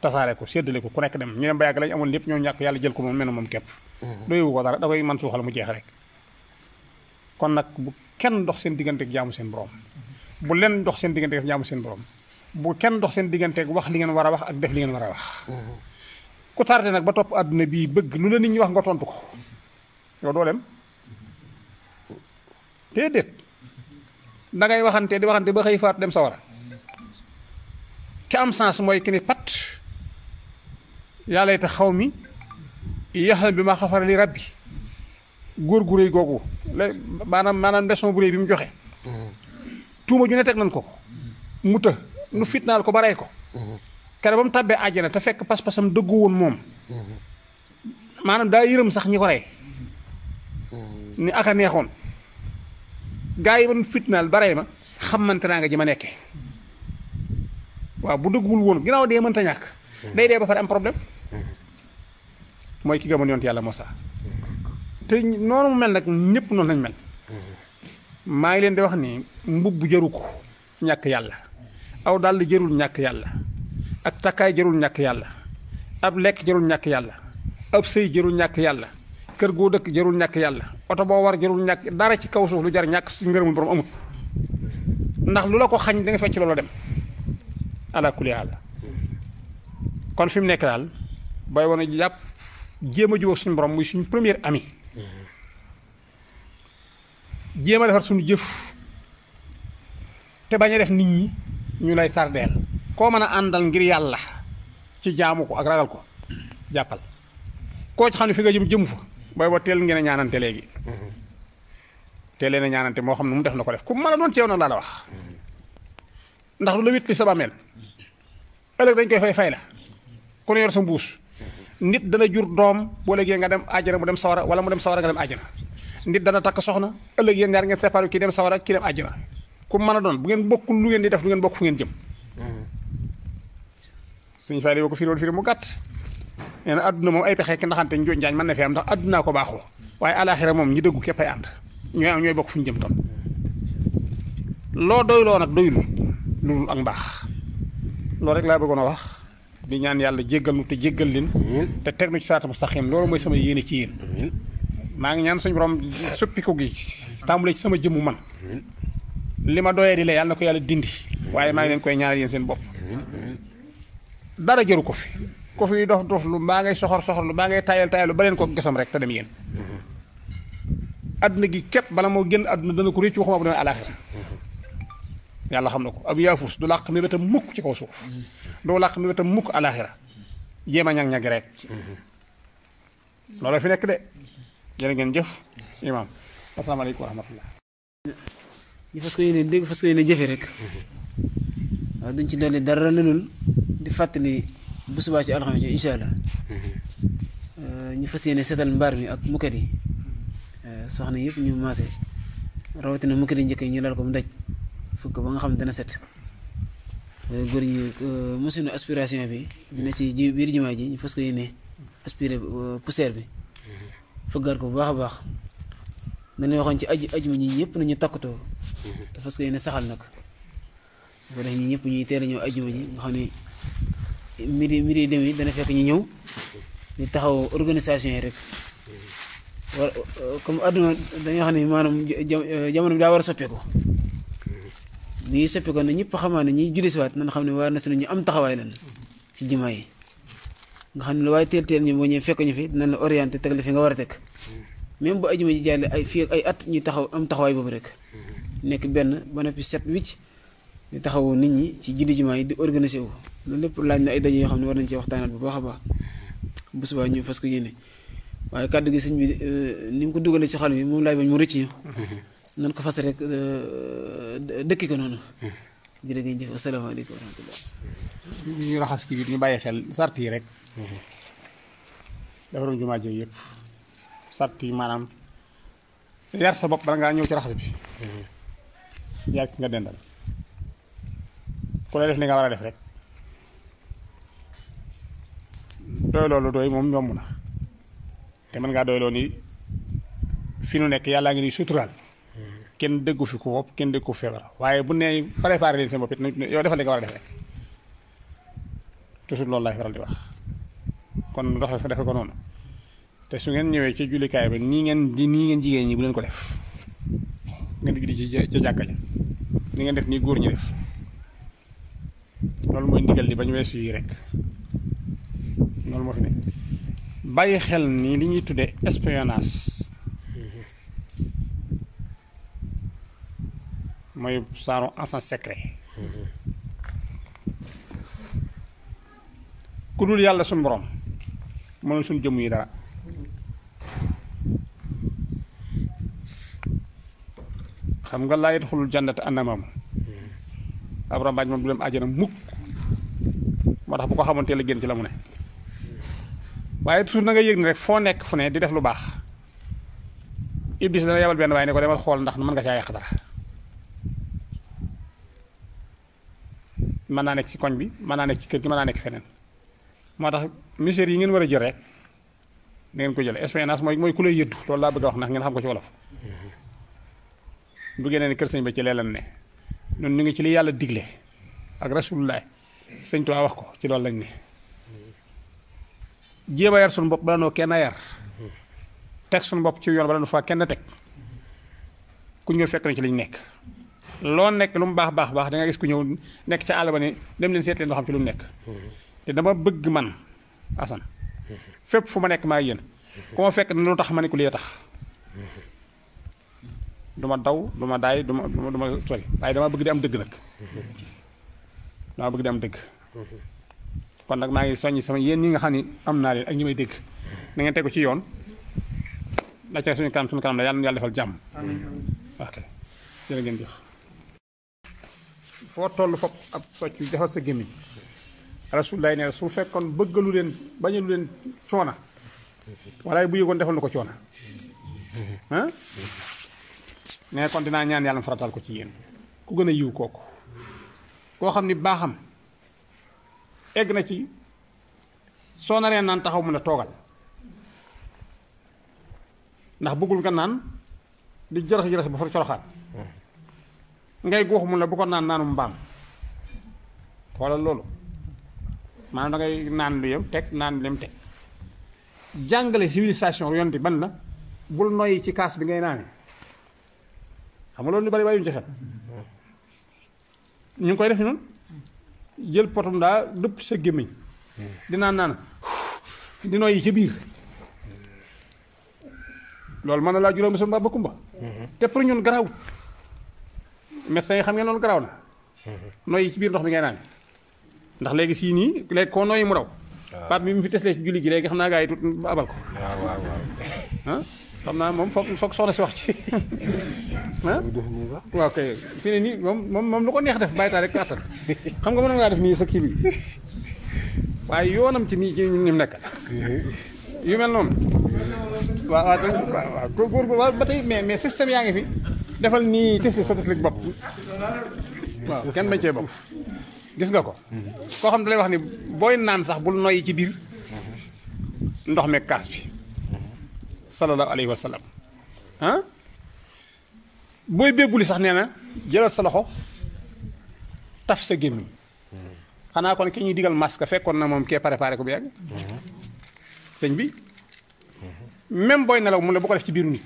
tasaare ko séddale ko ku nekk dem ñu dem ba yàgg lépp ñoo ñàkk yàlla jël ko mhm. ko dara da koy man suuxal mu jeex rek bu kenn dox seen digganteeg jaamu seen borom bu leen dox seen digganteeg jaamu seen borom bu kenn dox seen digganteeg wax li ngeen war wax ak def li ngeen war a wax ku tardé nag ba topp àdduna bii bëgg lu la nit ñi wax nga tontu ko yow dooleem déedéet da ngay waxante di waxante ba xëy faat dem sawara ki am sance mooy ki ni pat yàlla te xaw mi yaxal bi ma xafara li rabbi góor gu réy googu la maanaam maanaam leçon bu réy bi mu joxe tuuma ju ne teg nan ko mu të nu fitnaal ko ba rey ko kere ba mu tàbbee àjjana te fekk pas-pasam dëggu woon moom maanaam daa yërëm sax ñi ko rey ni aka neexon gaay yi man fitnaal bare ma xamante naa nga ji ma nekke waaw bu dëggul woon ginnaaw dee mënta ñak day dee ba fare am problème moy ki gamon yont yalla mossa te nonu mu mel nak ñepp non lañ mel ma ngi leen di wax ni mbubb jaru ko ñak yalla aw di jërul ñak yalla ak takay jërul ñak yalla ab lek jërul ñak yalla ab sey jërul ñak yalla kër go dëkk jërul ñàkk yàlla oto boo war jërul ñàkk dara ci kaw suuf lu jar ñàkk si ngërëmul borom amul ndax lu ko xañ da nga fecc dem ala kulli ala kon fi mu nekk daal bay wona a jàpp jéem suñu borom muy suñu premier ami jéem a defar suñu jëf te bañ a def nit ñi ñu lay tardeel koo mën a àndal ngir yàlla ci jaamu ko ak ragal ko jàppal koo ci fi nga jëm jëmu fa booy boo teel ngeen a ñaanante léegi teelee na ñaanante moo xam ne mu def na ko def ku mën a doon ceew na laa la wax ndax lu la wét li sa bàmmeel ëllëg dañ koy fay fay la ku ne yor sa mbuus nit dana jur doom boo léegi nga dem àjjana mu dem sawara wala mu dem sawara nga dem àjjana nit dana takk soxna ëllëg yéen ñaar ngeen séparé kii dem sawara kii dem na ku mën a doon bu ngeen bokkul lu ngeen di def lu ngeen bokk fu ngeen jëm suñu fay la yoo ko mu gàtt nee na adduna moom ay pexe ki ndaxante njuuj njaañ man na fi am ndax addunaa ko baaxoo waaye alaxira moom ñi dëggu képp ay ànd ñooy am ñooy bokk fu ñu jëm tam loo doyloo nag doyul loolu loolu rek laa bëggoon a wax di ñaan yàlla jéggal te jéggal leen te teg nu ci saata mustaqim loolu mooy sama yéene ci maa ngi ñaan suñu borom suppi gi tàmbulee ci sama jëmmu man li ma doyee la yàlla ko yàlla dindi waaye maa ngi leen koy ñaanal seen bopp dara jëru ko fi ko fi dof dof lu mbaa ngay soxor soxor lu mbaa ngay tayal tayal lu balen ko gessam rek ta dem yeen aduna gi kep bala mo genn aduna dana ko réccu waxuma bu demee alaxira yàlla xam ko ab yafus du mi beta mukk ci kaw suuf laq mi beta mukk alaxira jéem a ñag ñag rek loolu fi nek de jere ngeen jëf assalamu alaykum wa rahmatullah ñu fas ko yéene deg fas ko yéene jëfe rek duñ ci doli dara lu di fatali bu subaa ci alxames yi incha allah mm-hmm. ñu fas yéene setal mbaar bi ak mukkat yi soxna yëpp ñu maase rawatina mukkat yi njëkk yi ñu laal ko mu daj ko ba nga xam ne dana set góor ñi euh, machine aspiration bi ne ci ji biir jumaa ji ñu fas ko yéene aspiré euh, poussière bi mm-hmm. fëggaat ko bu baax a baax dañuy waxoon ci aju aju ma ñi ñëpp nañu takkatoo mm-hmm. te fas ko yéene saxal nag bu ko def ñi ñëpp ñuy teel a ñëw aju ma ji nga xam ne mbiri mbiri dem yi dana fekk ñi ñew ni taxaw organisation yi rek comme aduna dañu xam manam jamono bi daa war a ni soppeku na ñepp xamane ñi ñiy wat nañ xamni war na suñu ñu am taxaway lan ci jima yi nga xam ne lu waaye teel ñu mo ñe fekk ñu fi dinañ la orienter teg la fi nga wara tek même bu aljuma ji jàlle ay fi ay at ñu taxaw am taxaway bobu rek nek ben bonapi set wich ñu taxawu nit ñi ci julli jima yi di organiser wu loolu lépp laaj na ay daje yoo xam ne war nañ ci waxtaanaat bu baax a baax bu subaa ñu fas ko yéene waaye kàddu gi sëñ bi euh, ni mu ko dugalee ci xol bi moom laay bañ mu rëcc ñu nan ko fas rek euh, dëkki ko noonu hmm. jërë ngeen jëf asalaamaaleykum wa ñu raxas kii bi ñu bàyyi xel sart yi rek hmm. defaroon jumaa yëpp sart yi maanaam yar sa bopp bala ngaa ñëw ci raxas bi hmm. yaa nga dendal ku def nga war a def rek doy loolu doy moom yomb na te mën ngaa doy loo ni fi nu nekk yàllaa ngi ni suturaal kenn déggu fi ku wopp kenn déggu ko feebar waaye bu nee préparé leen seen bopp it yow defal li nga war a def rek toujours loolu laay faral di wax kon doxal fa defe ko noonu te su ngeen ñëwee ci jullikaay ba nii ngeen di nii ngeen jigéen ñi bu leen ko def ngeen di ci ca jàkka ja ni ngeen def nii góor ñi def loolu mooy ndigal li ba ñu weesu rek loolu moo fi nekk xel ni li ñuy tuddee espionnage mooy saaru agent secret ku dul yàlla suñ borom mënul suñ jëmm yi dara xam nga laa yadxulul jannata annamam ab rambaaj moom du dem mukk moo bu ko xamantee la génn ci la ne waaye toujours na nga yëg ni rek foo nekk fu ne di def lu baax iblis dana yabal benn waaye ne ko demal xool ndax mën nga caa yàq dara mën naa nekk ci koñ bi mën naa nekk ci kër gi mën naa nekk feneen moo tax misère yi ngeen war a jël rek da ngeen ko jël expérience mooy mooy ku lay yëddu loolu laa bëgg a wax ndax ngeen xam ko ci wolof bu génnee kër sëñ ba ci leelan ne noonu ñu ngi ci li yàlla digle ak rasulullah sëñ Tuubaa wax ko ci lool lañ ne jéem yar sun bop bala noo kenn yar tek sun bop ci yoon bala nu faa kenn teg ku ñu fekk na ci liñ nekk lo nekk lu mu bax bax da nga gis ku ñew nekk ci àll ba dem leen seet leen doo xam ci lu nekk te dama bëgg man asan fep fu ma nekk ma yeen ku ma fekk lu tax ma ku tax duma daw duma day duma duma sori waaye dama bëgg di am dëgg nak dama bëgg di am dëgg kon nag maa ngi soññ sama yéen ñi nga xam ni am naa leen ak ñi may dégg na tegu ci yoon la ca suñu kanam suñu kanam la yàlla na yàlla defal jàmm. ok jërë ngeen jëf. foo toll fop ab socc defal sa ne su fekkoon bëggalu leen bañalu leen coona walaay bu yëgoon defal na ko coona ah kon dinaa ñaan yàlla mu faratal ko ci yéen ku gën a yiw kooku koo xam ni baaxam egg na ci soo naree naan taxaw mun a toogal ndax bëggul nga naan di jërëx jërëx ba far coroxaan ngay guux mu ne bu ko naan naanum mbaam xoolal loolu man da ngay naan lu yem teg naan lu yem teg jàngale civilisation lu di ban la bul noyyi ci kaas bi ngay naanee xam nga loolu lu bari bàyyiwuñ ci xel ñu ngi koy def noonu jël potum daa dëpp sa gémmiñ dinaa naan di noyyi ca biir loolu mën na laa juróomi sa mbaa ba kumba te pour ñun garaawut médecin yi xam ngeen loolu garaaw na noyyi ci biir ndox mi ngay naan ndax léegi sii nii léegi koo noyyi mu raw baat bi mu fi teslee ci julli gi léegi xam naa gaa yi abal ko xam naa moom foog foog soxna si wax ci waaw kay fi ne nii moom moom lu ko neex def bàyyi taal rek kàttan xam nga mën ngaa def nii sa kii bi waaye yoonam ci nii ci ñun ñim nekk yu mel noonu waaw góor góor ba tey mais mais système yaa ngi fi defal nii tesli sa teslig bopp waaw kenn bañ cee bopp gis nga ko mm-hmm. koo xam da lay wax ni booy naan sax bul noy ci biir mm-hmm. ndox meeg kaas bi sallallahu alayhi wa sallam ah booy sax nee na jëlal sa loxo taf sa gémmiñ xanaa kon ki ñuy digal masque fekkoon na moom kee préparé ko bu yàgg sëñ bi même booy nelaw mu ne bu ko def ci biiru nit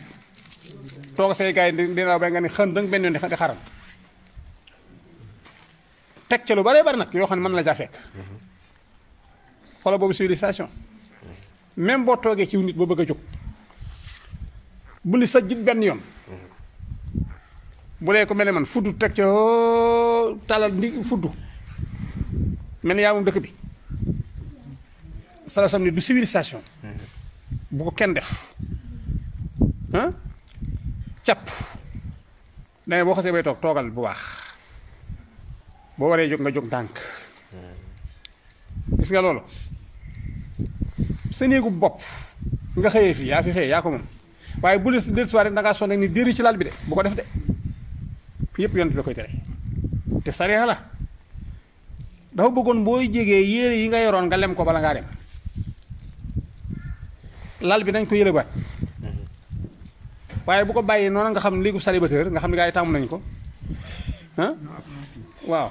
toog say gars yi di nelaw bay nga ne xën danga benn yoon di xaram teg ca lu bare bari nag yoo xam ne mën la jaa fekk xoolal boobu civilisation même boo toogee ci nit boo bëgg a jóg buli li sa jit benn yoon bu lee ko mel man fudd teg ca talal ndi fudd mel yaamu dekk bi sala samni du civilisation bu ko ken def ah cap dane bo xasse bay tok togal bu baax bo waré jog nga jog ndànk gis nga lolu nga fi ya ko mom waaye bu lis del soirée da ngaa ni déri ci laal bi de bu ko def de yëpp yonent bi koy tere te sariya la dafa bëggoon booy jegee yére yi nga yoroon nga lem ko bala ngaa dem lal bi nañ ko yële baat waaye bu ko bàyyi noonu nga xam léegi célibataire nga xam ne gaa yi tàmm nañ ko waaw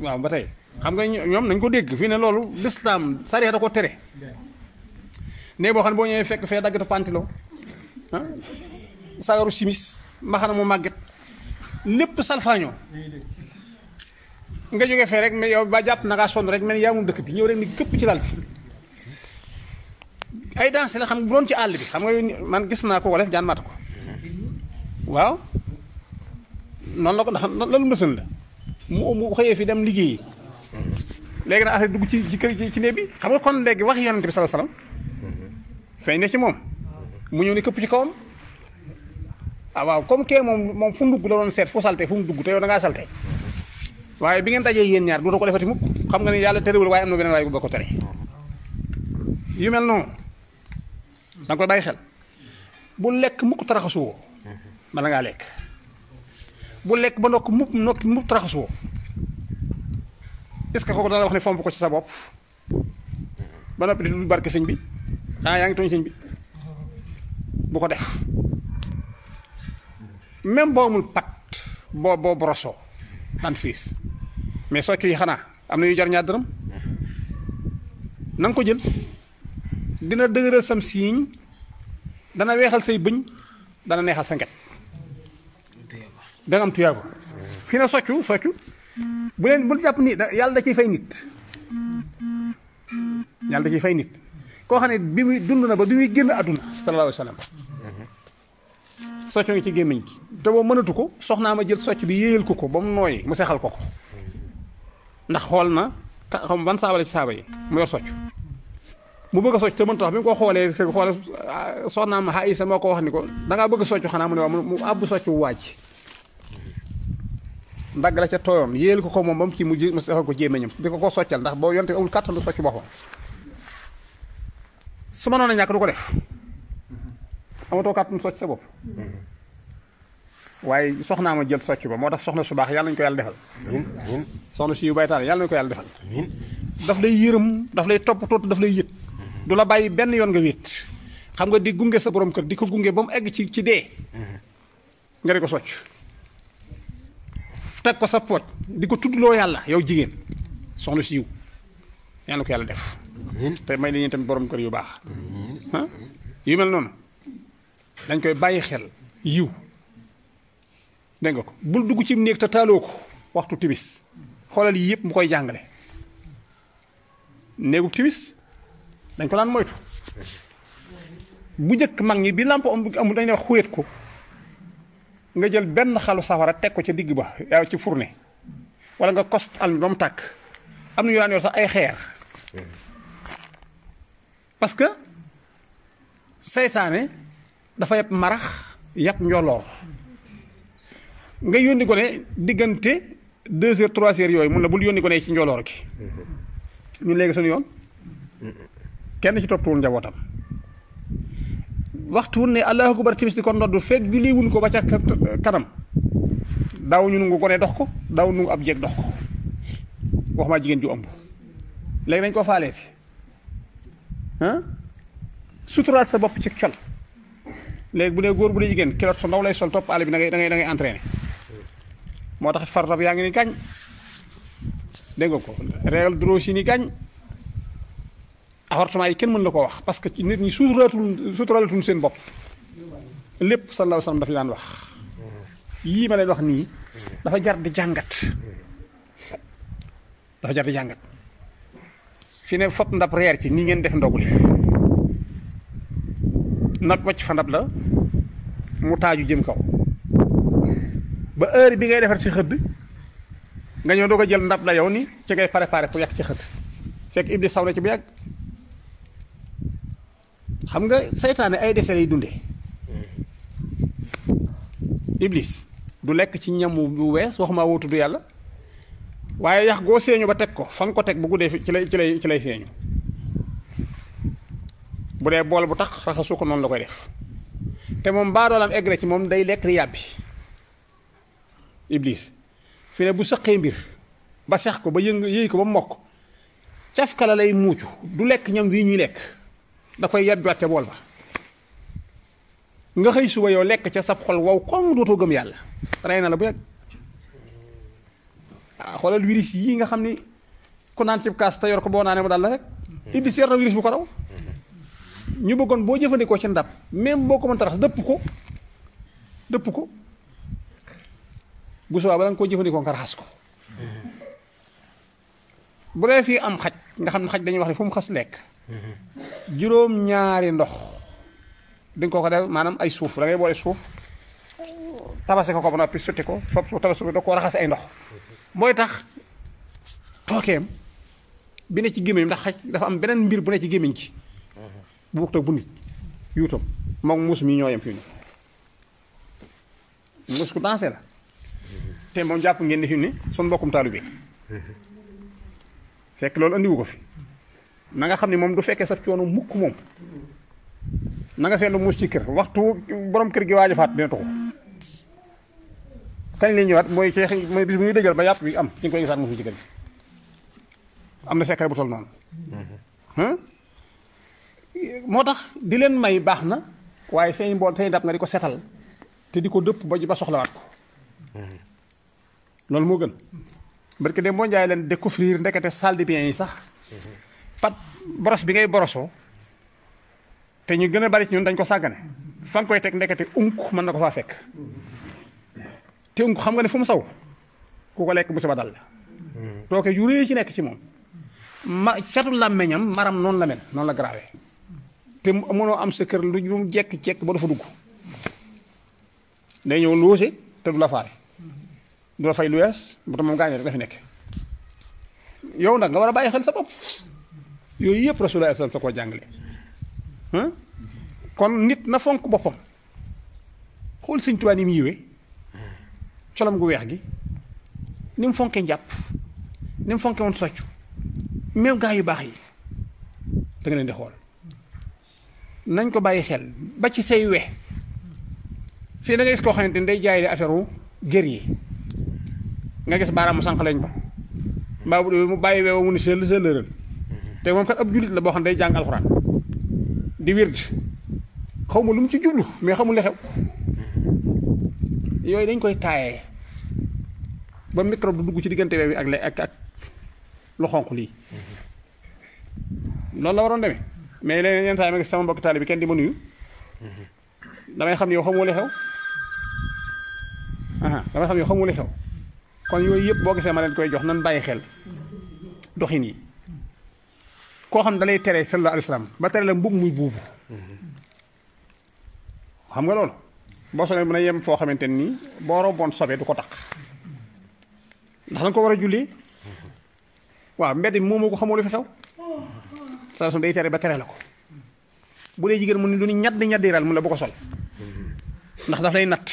waaw ba tey xam nga ñoom nañ ko dégg fii ne loolu lislaam sariya da ko tere nee boo xam ne boo ñëwee fekk fee daggatu pantiloo ah, sagaru simis mbaxana mu màgget lépp salfaañoo nga jógee fee rek mais yow ba jàpp na ngaa sonn rek mel yaa dëkk bi ñëw rek ni këpp ci lal bi ay danse la xam nga doon ci àll bi xam nga man gis naa ko ko def jaan maata ko waaw noonu la ko ndax lalu ndësan la mu mu xëyee fi dem liggéeyi léegi nag affaire dugg ci ci kër ci néeg bi xam nga kon léegi wax yonent bi sallallahu feeñ na ci moom mu ñëw ni këpp ci kawam ah waaw comme kee moom moom fu mu dugg la doon seet fu salte fu mu dugg te yow da ngaa salte waaye bi ngeen dajee yéen ñaar dootoo ko defati mukk xam nga ni yàlla terewul waaye am na beneen waaye bu ba ko tere yu mel noonu danga koy bàyyi xel bu lekk mukk taraxasuwoo bala ngaa lekk bu lekk ba ndokk mukk ndokk mukk taraxasuwoo est-ce que kooku dana wax ne fomp ko ci sa bopp ba noppi di du barke sëñ bi ah yaa ngi tooñ bi bu ko def même boo amul pat boo boo broso daan fiis mais soo kii xanaa yu jar ñaar dërëm na ko jël dina dëgëral sam siiñ dana weexal say bëñ dana neexal sa nget da nga am tuyaaba fi ne soccu soccu bu leen bu jàpp ni yàlla da ciy fay nit yàlla da ciy fay nit koo xam ne bi muy dund na ba bi muy génn àdduna sallallahu alayhi wa sallam mm-hmm. ngi ci gémmiñ gi te boo mënatu ko soxnaa ma jël socc bi yéeyal ko ko ba mu nooy mu sexal ko ko ndax xool na xam ban saabale ci yi mu yor mu bëgg a socc te mënta wax bi xoolee xoole ah, soxnaam Aysa moo ko wax ni ko dangaa bëgg socc xanaa mu ne waaw mu àbb socc waaj ndagg la ca tooyoon yéeyal ko ko moom ba mu ci mu sexal ko gémmiñam di ko ko soccal ndax boo yonte amul kàttanu du socc boppam su ma noonu a ñàkk du ko def amatoo kàttan socc sa bopp waaye soxnaa ma jël socc ba moo tax soxna su baax yàlla nañu ko yàlla defal soxna si baytaal yàlla nañu ko yàlla defal daf lay yërëm daf lay toppatoo daf lay yët du la bàyyi benn yoon nga wéet xam nga di gunge sa boroom kër di ko gunge ba mu egg ci ci dee nga di ko socc teg ko sa pooj di ko tuddloo yàlla yow jigéen soxna siiw yalla ko yalla def. tay may nañu tam borom kër yu baax. yu mel non dañ koy bayyi xel yu dégg nga ko bul dugg ci neek ta taloko waxtu timis xolal yii yëpp mu koy jàngale. néegub timis dañ ko lan moytu bu njëkk mag ñi bi amul dañ xuyet ko nga jël benn xalu safara teg ko ca digg ba yaa ci fourne wala nga al ba tak. tàkk am na ñu sax ay xeer. parce que seytaane dafa yàpp marax yàpp njolloor nga yónni ko ne diggante deux heures trois yooyu mun na bul yónni ko ne ci njolloor gi ñu léegi suñu yoon kenn ci toppatuwul njabootam waxtu ne allahu akbar timis di ko ndodd fekk julli wuñ ko ba ca kanam daaw ñu nungu ko ne dox ko daaw nungu ab jeeg dox ko wax ma jigéen ju ëmb léegi dañ ko faalee fi ah? suturaat sa bopp ci col léegi bu dee góor bu dee jigéen kilot su ndaw lay sol topp àll bi da ngay da ngay moo tax farata yaa ngi ni gàñ dégg ko régal duroo si ni gàñ avortement yi kenn mën na koo wax parce que nit ñi suturaatul suturaalatuñ seen bopp lépp sallallahu alayhi wasallam dafa daan wax yii ma leen wax nii dafa jar di jàngat dafa jar di jàngat fi ne fot ndab reer ci ni ngeen def ndogul nak wacc fa ndap la mu taaju jëm kaw ba heure bi ngay defar ci xëdd nga ñoo doga jël ndap la yow ni ci ngay préparé pour yak ci xëdd fek iblis sawna ci bu yak xam nga seytaane ay dese lay dundé iblis du lek ci ñam bu wess waxuma wotu du yalla waaye yax goo seeñu ba teg ko fa nga ko teg bu guddee fi ci lay ci lay ci lay seeñu bu dee bool bu tax raxasu ko noonu la koy def te moom baadoolam egg na ci moom day lekk riyaab bi iblis fi ne bu sëqee mbir ba sex ko ba yëng yëy ko ba mokk cafka la lay muucu du lekk ñam wii ñuy lekk da koy yadduwaat ca bool ba nga xëy suba yow lekk ca sab xol wow koŋ dootoo gëm yàlla rey na la bu yàgg Ah, xolal virus yi nga xamni ku nan cib kaas te yor ko bonane mo dal rek. ibi yor na virus bu ko raw. Mhm. ñu bo boo ko ci ndab même boko mën tax depp ko depp ko bu soba bala nga koo nga raxas ko mhm. bu dee fii am xaj nga xamni ne xaj dañuy wax fu mu xass lek mhm. juroom ñaari ndox dañ ko ko def manam ay suuf da ngay bolé suuf tabassé ko ko na noppi ko fop tabassé ko ko raxas ay ndox moy tax tookeem bi ne ci gemiñ ndax xaj dafa am benen mbir bu ne ci gemiñ ci bu bugg bu nit yuutam moom mus mi ñoyam yem mus ko dansé la te ngeen ni fii son bokkum taalibe fekk loolu andiwu ko fi na nga xamni mom du fekke sa cionu mukk mom na nga seetlu mus ci kër waxtu borom kër gi waji fat dina taxu Kan lay ñëwaat mooy ceex mooy bis bu ñuy dëjal ba yàpp bi am ci nga koy gisaat mu fi jigéen am na secret bu tol noonu mm-hmm. moo tax di leen may baax na waaye say mbool say ndab nga di ko setal te di ko dëpp ba ba soxlawaat ko loolu moo gën barke de moo njaay leen découvrir ndekete salle de bien yi sax mm-hmm. pat boros bi ngay borosoo te ñu gën a bari ci ñun dañ ko sàggane fa nga koy teg ndekete unk mën na ko faa fekk te unk xam nga ne fu mu saw ku ko lekk musiba dal la hmm. tooke yu ci nekk ci moom ma catu làmmeñam maram noonu la mel noonu la grave te mënoo am sa kër lu mu jekk-jekk ba dafa dugg day ñëw loose te du la faale du la fay lu wees bu tax moom gaañu rek dafa nekk yow nag nga war a bàyyi xel sa bopp yooyu yëpp rasulullah sa koo jàngale hmm? kon nit na fonk boppam xool sëñ Tuubaa ni mu yiwee colom gu weex gi ni mu fonkee njàpp ni mu fonkee woon soccu même gaa yu baax yi da nga leen di xool nañ ko bàyyi xel ba ci say we fii da nga gis koo xamante ni day jaay di affaire wu gér yi nga gis baaraamu sànq lañ ba mbaa mu bàyyi weewa mu ne sell sellëral te moom kat ab jullit la boo xam ne day jàng alxuraan di wird xaw ma lu mu ci jublu mais xamul li xew yooyu dañ koy taayee ba microbe du dugg ci diggante wee wi ak ak ak lu xonq lii mm-hmm. loolu la waroon demee mais léeg-léeg saa yi ma gis sama mbokk taali bi kenn di ma nuyu mm-hmm. damay xam yow xamoo li xew xam ne kon yooyu yëpp boo gisee ma leen koy jox nan bàyyi xel doxin yi koo dalay tere sallallahu ba tere la muy buubu mm-hmm. xam nga loolu boo solee mën a yem fo xamante nii boo romboon sobe du ko takk ndax lan ko wara julli wa mbedd momo ko xamoo lu fi xew sa day téré ba téré lako bu lay jigen mu ni lu ni ñad ñad ral mu la bu ko sol ndax daf lay nat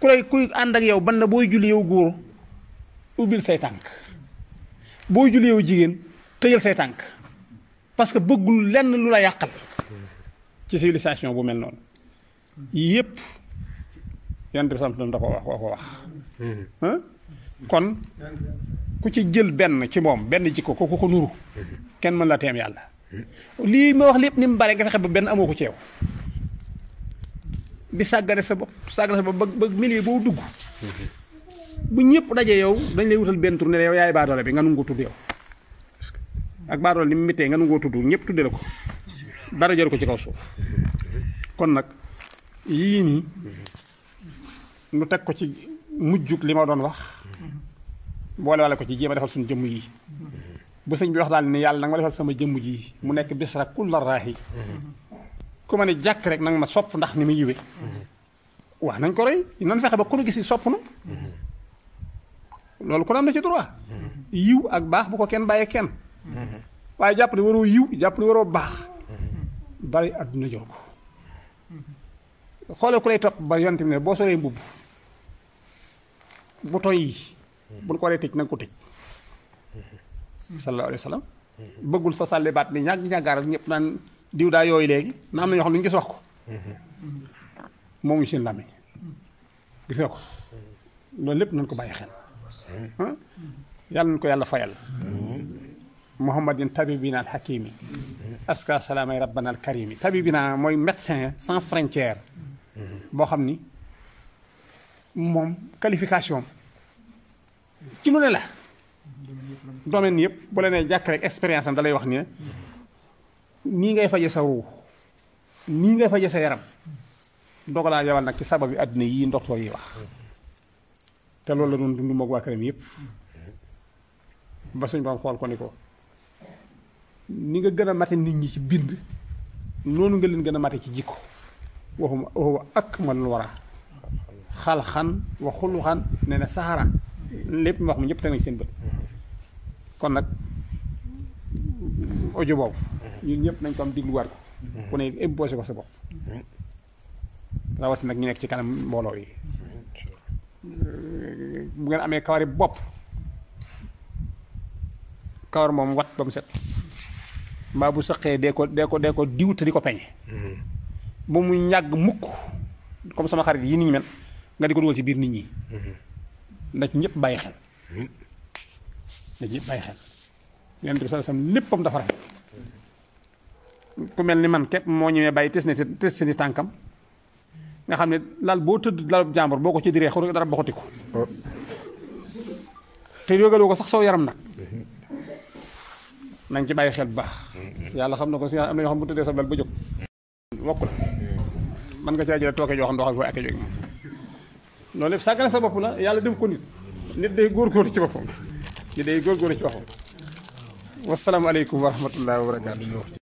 ku lay kuy and ak yow ban na boy julli yow goor ubil say tank. boy julli yow jigen teyel say tank. parce que bëggul lenn lu la ci civilisation bu mel non yep yonent bi sant na ko wax wax wax kon ku ci jël ben ci mom ben jikko ko ko nuru kenn man la tém yalla li ma wax lepp ni mu bare nga fexe ba benn amoo ko di sàggane sa bop sàggane sa bop ba ba bo dugg bu ñepp dajé yow dañ lay wutal ben tur né yow yaay baadoole bi nga nungu tuddé yow ak baadoole ni mité nga nungu tudd ñepp tuddé lako dara jaru ko ci kaw suuf kon nak yi ni nu tek ko ci mujjuk lima doon wax boole wala ko ci jema defal sun jëm yi bu señ bi wax dal ni yalla nag ma defal sama jëm ji mu nek bisra kullu rahi ku mané jak rek nang ma sop ndax ni mu yiwe wax nañ ko roy nan fexé ba ku nu gis sop nu lolou ko am na ci droit yiw ak bax bu ko ken baye ken waye japp ni waro yiw japp ni waro bax bari aduna jor ko xoolal ku lay topp ba yonent bi ne boo solee mbubb bouton yi bu ñu ko waree tëj na ko tëj sallallahu alayhi wa sallam bëggul sa sàlle baat ni ñàgg ñëpp naan diw yooyu léegi na am na ñoo xam ne ñu gis wax ko moomuñu seen làmmiñ ko loolu lépp nañ ko bàyyi xel yàlla nañ ko yàlla fayal muhammadin tabibina al hakimi aska salaamay rabbana al karimi tabibina mooy médecin sans frontière boo xam ni moom qualification ci lu ne la. domaine yëpp boo la nee jàkk rek expérience am da lay wax ni nii ngay faje sa ruu nii ngay faje sa yaram ndox laa yabal nag ci sababi àdduna yii ndoktoor yi wax te loolu la doon dund moog waa këram yëpp ba suñ borom xool ko ni ko ni nga gën a mate nit ñi ci bind noonu nga leen gën a mate ci jikko waxuma waxuma akmalul wara xalxan wa xuluxan nee na saxara lépp mu wax mu ñëpp teg seen bët kon nag audio boobu ñun ñëpp nañ ko am digluwaat ko ku ne imposé ko sa bopp nag ñu nekk ci kanam mbooloo yi bu ngeen amee kawari bopp kawar moom wat ba mu set mbaa bu sëqee dee ko dee ko dee ko diw te di ko peñe ba muy ñàgg mukk comme sama xarit yi ni ñu mel nga di ko dugal ci biir nit ñi. Mm-hmm. ndax ñëpp bàyyi xel. ndax ñëpp bàyyi xel. yonent bi sallallahu alayhi wasallam léppam dafa ku mel ni man képp moo ñëwee bàyyi tes ne tes seeni tànkam nga xam ne lal boo tëdd lalub jàmbur boo ko ci diree xur dara bokkati ko. te yógaloo ko sax saw yaram nag. Mm-hmm. na nga ci bàyyi xel bu baax. Mm-hmm. yàlla xam na ko si am na ñoo xam bu tëddee sa lal ba jóg. mokk la mën nga caa jëlee tooke joo xam doo xam foo ak a jóg moom loolu yëpp sàggane sa bopp na yàlla def ko nit nit day góorgóorlu ci boppam nit day góorgóorlu ci boppam wasalaamualeykum wa rahmatullahi wa barakaatu